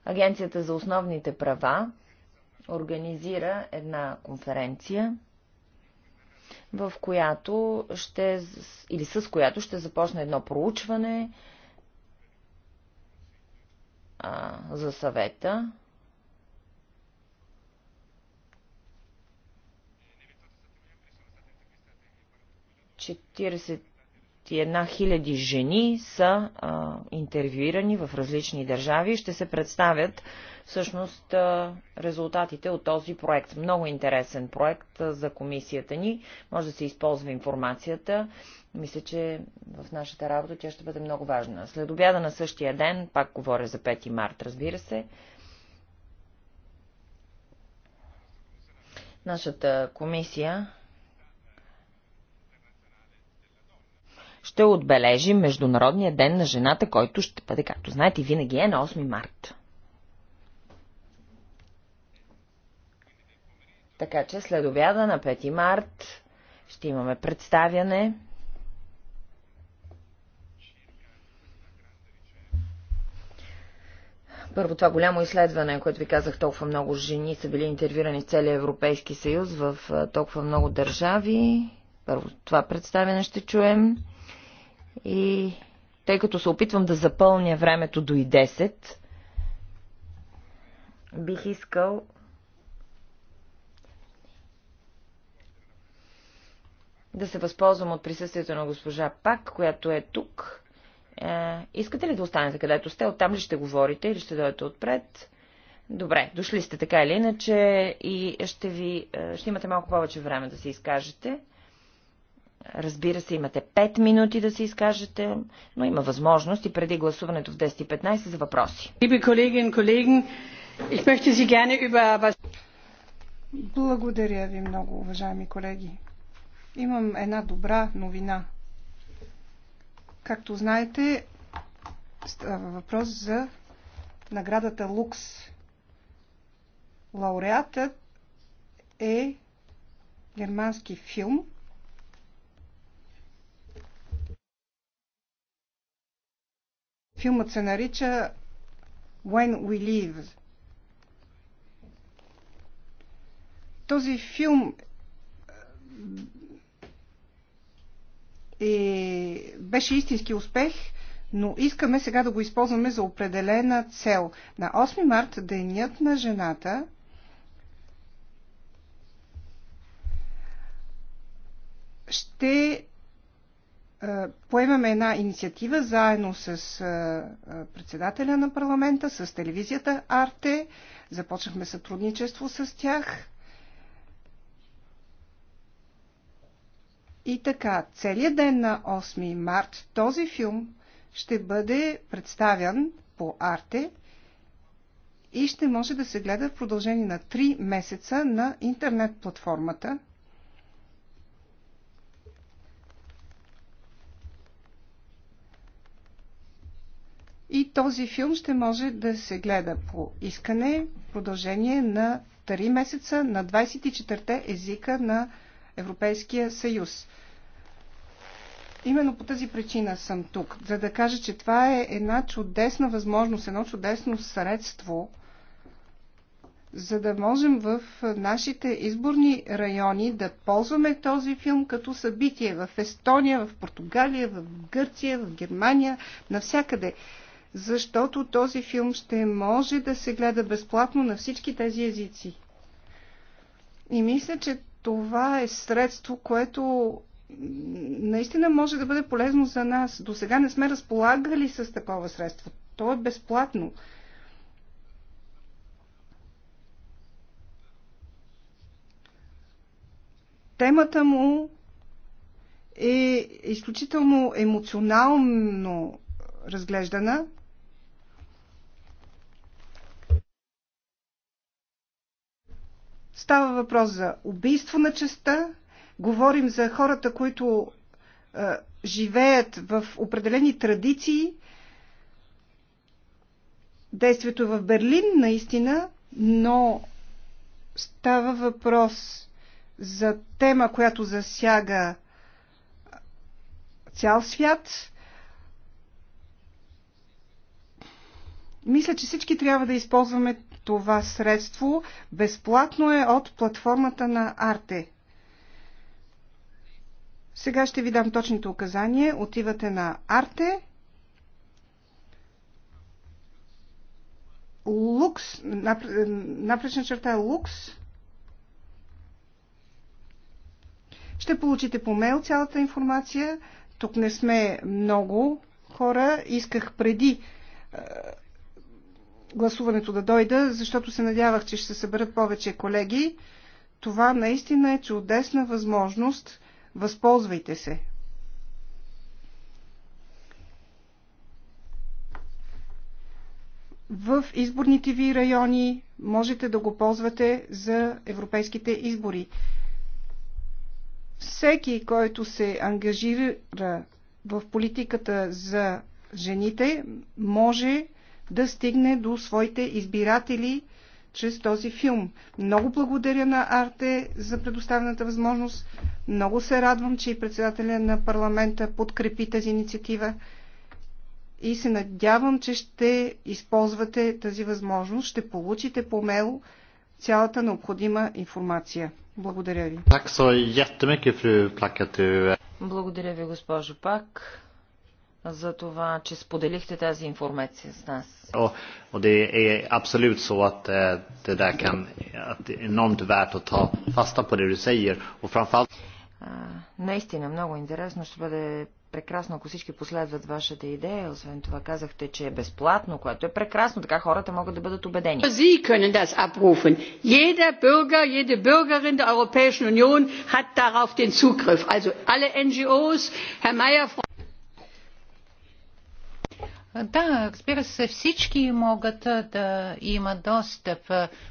A: Агенцията за основните права организира една конференция, в която ще, или с която ще започне едно проучване, а, за съвета. Четиридесет 21 хиляди жени са а, интервюирани в различни държави и ще се представят всъщност а, резултатите от този проект. Много интересен проект а, за комисията ни. Може да се използва информацията. Мисля, че в нашата работа тя ще бъде много важна. След обяда на същия ден, пак говоря за 5 март, разбира се, нашата комисия ще отбележим Международния ден на жената, който ще бъде, както знаете, винаги е на 8 март. Така че след обяда на 5 март ще имаме представяне. Първо това голямо изследване, което ви казах, толкова много жени са били интервюрани в целия Европейски съюз, в толкова много държави. Първо това представяне ще чуем. И тъй като се опитвам да запълня времето до и 10, бих искал да се възползвам от присъствието на госпожа Пак, която е тук. Е, искате ли да останете където сте? Оттам ли ще говорите или ще дойдете отпред? Добре, дошли сте така или иначе и ще, ви, е, ще имате малко повече време да се изкажете. Разбира се, имате 5 минути да се изкажете, но има възможност и преди гласуването в 10.15 за въпроси.
D: Благодаря ви много, уважаеми колеги. Имам една добра новина. Както знаете, става въпрос за наградата Лукс. Лауреатът е германски филм – Филмът се нарича When We Live. Този филм е, беше истински успех, но искаме сега да го използваме за определена цел. На 8 март, денят на жената, ще е, поемаме една инициатива заедно с е, е, председателя на парламента, с телевизията Арте. Започнахме сътрудничество с тях. И така, целият ден на 8 март този филм ще бъде представян по Арте и ще може да се гледа в продължение на 3 месеца на интернет платформата И този филм ще може да се гледа по искане в продължение на 3 месеца на 24-те езика на Европейския съюз. Именно по тази причина съм тук, за да кажа, че това е една чудесна възможност, едно чудесно средство, за да можем в нашите изборни райони да ползваме този филм като събитие в Естония, в Португалия, в Гърция, в Германия, навсякъде защото този филм ще може да се гледа безплатно на всички тези езици. И мисля, че това е средство, което наистина може да бъде полезно за нас. До сега не сме разполагали с такова средство. То е безплатно. Темата му е изключително емоционално разглеждана. Става въпрос за убийство на честа. Говорим за хората, които е, живеят в определени традиции. Действието в Берлин, наистина, но става въпрос за тема, която засяга цял свят. Мисля, че всички трябва да използваме това средство безплатно е от платформата на Арте. Сега ще ви дам точните указания. Отивате на Арте. Лукс, напречна черта е Лукс. Ще получите по мейл цялата информация. Тук не сме много хора. Исках преди гласуването да дойда, защото се надявах, че ще се съберат повече колеги. Това наистина е чудесна възможност. Възползвайте се. В изборните ви райони можете да го ползвате за европейските избори. Всеки, който се ангажира в политиката за жените, може да стигне до своите избиратели чрез този филм. Много благодаря на Арте за предоставената възможност. Много се радвам, че и председателя на парламента подкрепи тази инициатива и се надявам, че ще използвате тази възможност, ще получите по мейл цялата необходима информация.
A: Благодаря ви. Благодаря ви, госпожо Пак за това, че споделихте тази информация с нас.
B: Och det är absolut så att det där kan, att det är enormt värt att ta fasta på det du säger och framförallt...
A: Наистина, много интересно. Ще бъде прекрасно, ако всички последват вашата идея. Освен това казахте, че е безплатно, което е прекрасно. Така хората могат да бъдат убедени. Sie
C: können das abrufen. Jeder Bürger, jede Bürgerin der Europäischen Union hat darauf den Zugriff. Also alle NGOs, Herr Meyer, да, разбира се, всички могат да има достъп.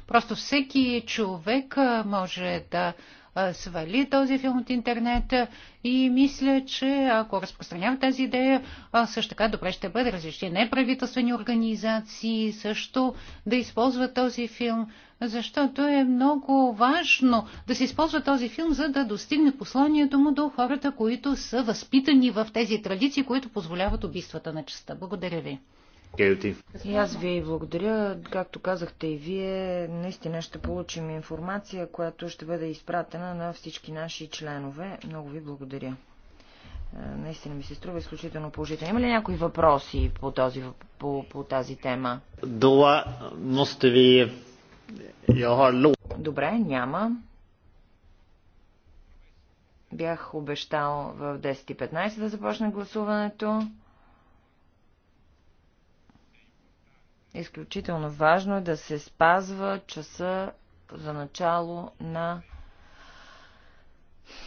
C: Просто всеки човек може да свали този филм от интернет и мисля, че ако разпространява тази идея, също така добре ще бъде различни неправителствени организации също да използват този филм, защото е много важно да се използва този филм, за да достигне посланието му до хората, които са възпитани в тези традиции, които позволяват
A: убийствата на честа. Благодаря ви. И аз ви благодаря. Както казахте и вие, наистина ще получим информация, която ще бъде изпратена на всички наши членове. Много ви благодаря. Е, наистина ми се струва изключително положително. Има ли някои въпроси по, този, по, по тази тема?
B: Е, Добре, няма.
A: Бях обещал в 10.15 да започне гласуването. Изключително важно е да се спазва часа за начало на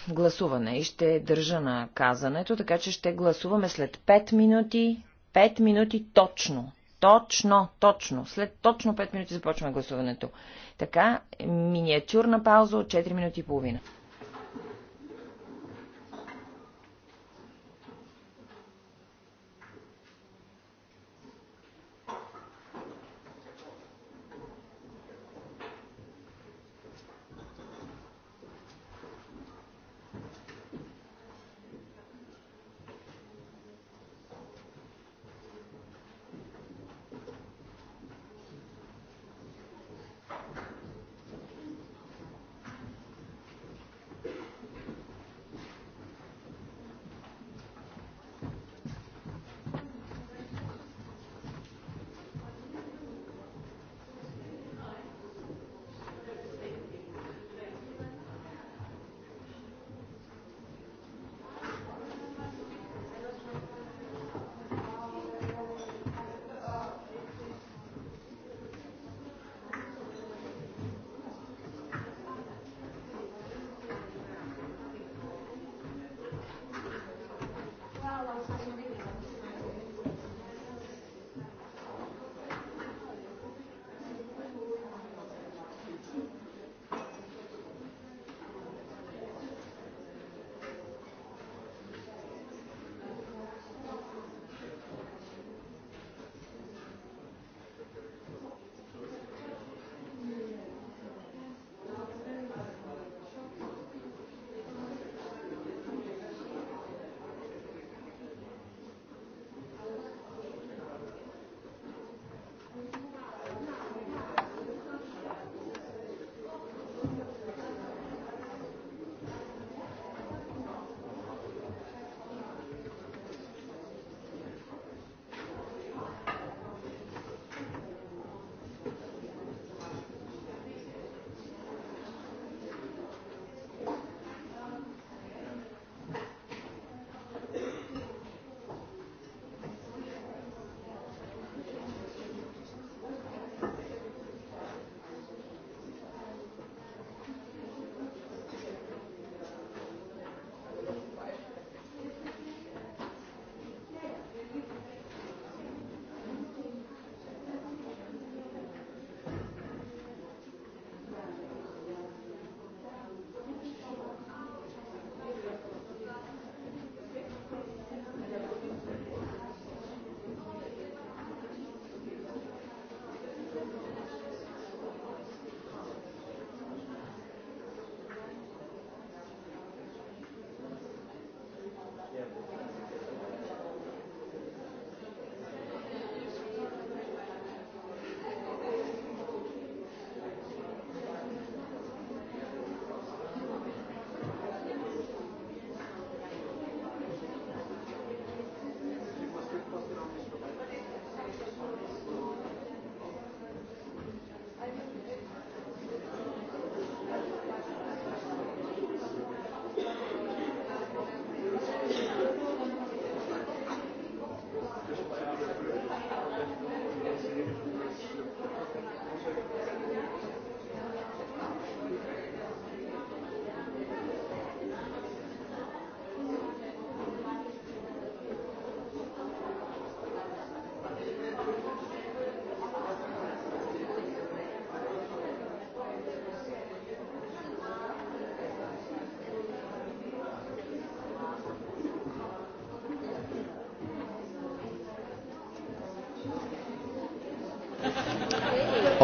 A: гласуване и ще държа на казането, така че ще гласуваме след 5 минути, 5 минути точно. Точно, точно. След точно 5 минути започваме гласуването. Така, миниатюрна пауза от 4 минути и половина.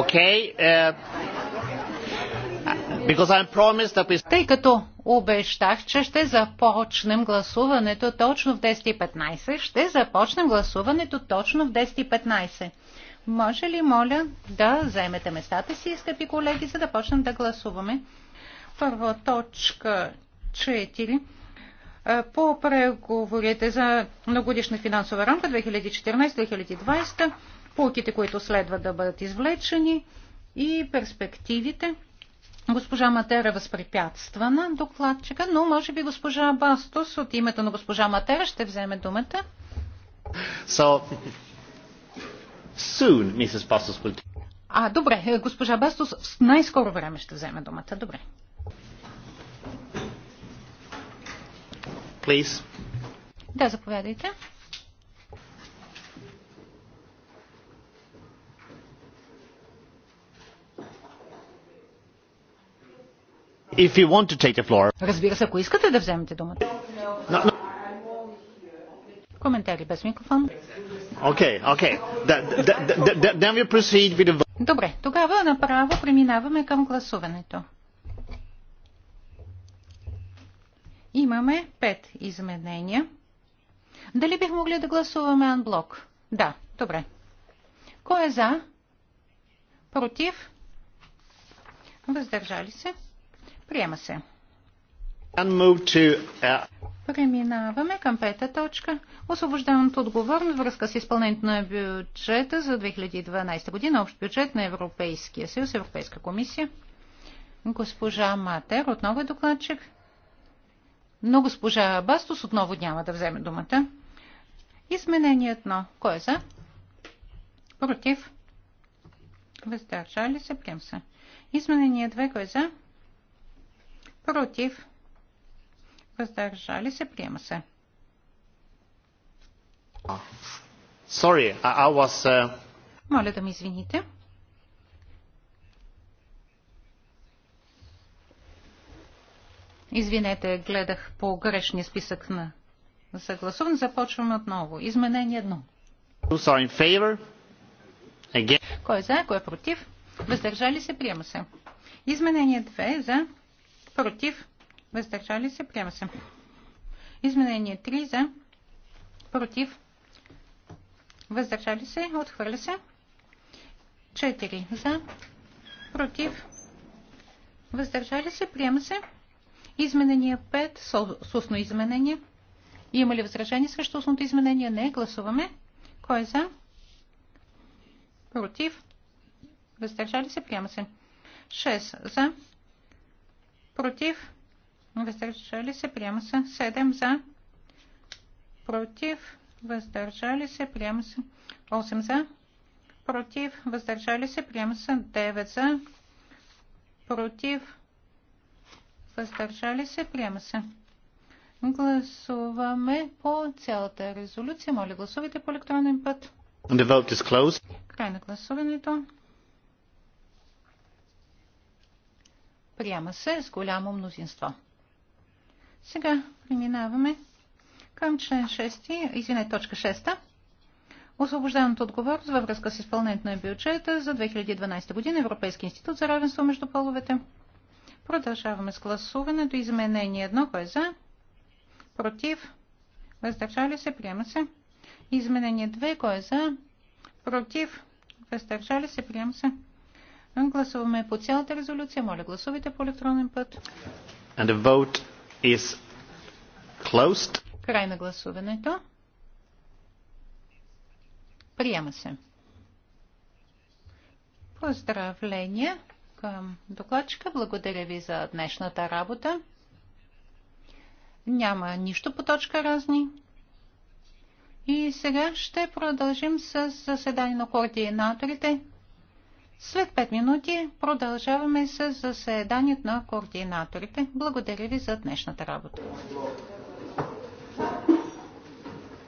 B: Okay. Uh, we...
C: Тъй като обещах, че ще започнем гласуването точно в 10.15, ще започнем гласуването точно в 10.15. Може ли, моля, да заемете местата си, скъпи колеги, за да почнем да гласуваме? Първо, точка 4 е, по преговорите за многодишна финансова рамка 2014-2020 полките, които следва да бъдат извлечени и перспективите. Госпожа Матера е възпрепятствана докладчика, но може би госпожа Бастос от името на госпожа Матера ще вземе думата.
B: So, soon, Mrs. Bastos will...
C: А, добре, госпожа Бастос в най-скоро време ще вземе думата. Добре. Please. Да, заповядайте.
B: If you want to take the floor.
C: Разбира се, ако искате да вземете думата. No, no. Коментари без микрофон.
B: Okay, okay. the, the, the, then we proceed with the...
C: Добре, тогава направо преминаваме към гласуването. Имаме пет изменения. Дали бих могли да гласуваме анблок? Да, добре. Кой е за? Против? Въздържали се?
B: Приема се. Uh,
C: Преминаваме към пета точка. Освобождаването отговорност връзка с изпълнението на бюджета за 2012 година, общ бюджет на Европейския съюз, Европейска комисия. Госпожа Матер отново е докладчик, но госпожа Бастус отново няма да вземе думата. Изменение едно. Кой е за? Против? Въздържали се? Прием се. Изменение две. Кой е за? против, въздържали се, приема се.
B: Sorry, I was, uh...
C: Моля да ми извините. Извинете, гледах по грешния списък на съгласуван. Започваме отново. Изменение едно. Кой е за, кой е против? Въздържали се, приема се. Изменение две е за против, въздържали се, приема се. Изменение 3 за, против, въздържали се, отхвърля се. 4 за, против, въздържали се, приема се. Изменение 5 с устно изменение. Има ли възражение срещу устното изменение? Не. Гласуваме. Кой е за? Против. Въздържали се. Приема се. 6 за против, въздържали се, приема се. 7 за, против, въздържали се, приема се. 8 за, против, въздържали се, приема се. 9 за, против, въздържали се, приема се. Гласуваме по цялата резолюция. Моля, гласувайте по електронен път. Край на гласуването. Приема се с голямо мнозинство. Сега преминаваме към член 6, извине точка 6. Освобождаването отговорност във връзка с изпълнението на бюджета за 2012 година Европейски институт за равенство между половете. Продължаваме с гласуването. Изменение 1. Кой е за? Против? Въздържали се? Приема се. Изменение 2. Кой е за? Против? Въздържали се? Приема се. Гласуваме по цялата резолюция. Моля, гласувайте по електронен път.
B: And the vote is closed.
C: Край на гласуването. Приема се. Поздравления към докладчика. Благодаря ви за днешната работа. Няма нищо по точка разни. И сега ще продължим с заседание на координаторите. След 5 минути продължаваме с заседанието на координаторите. Благодаря ви за днешната работа.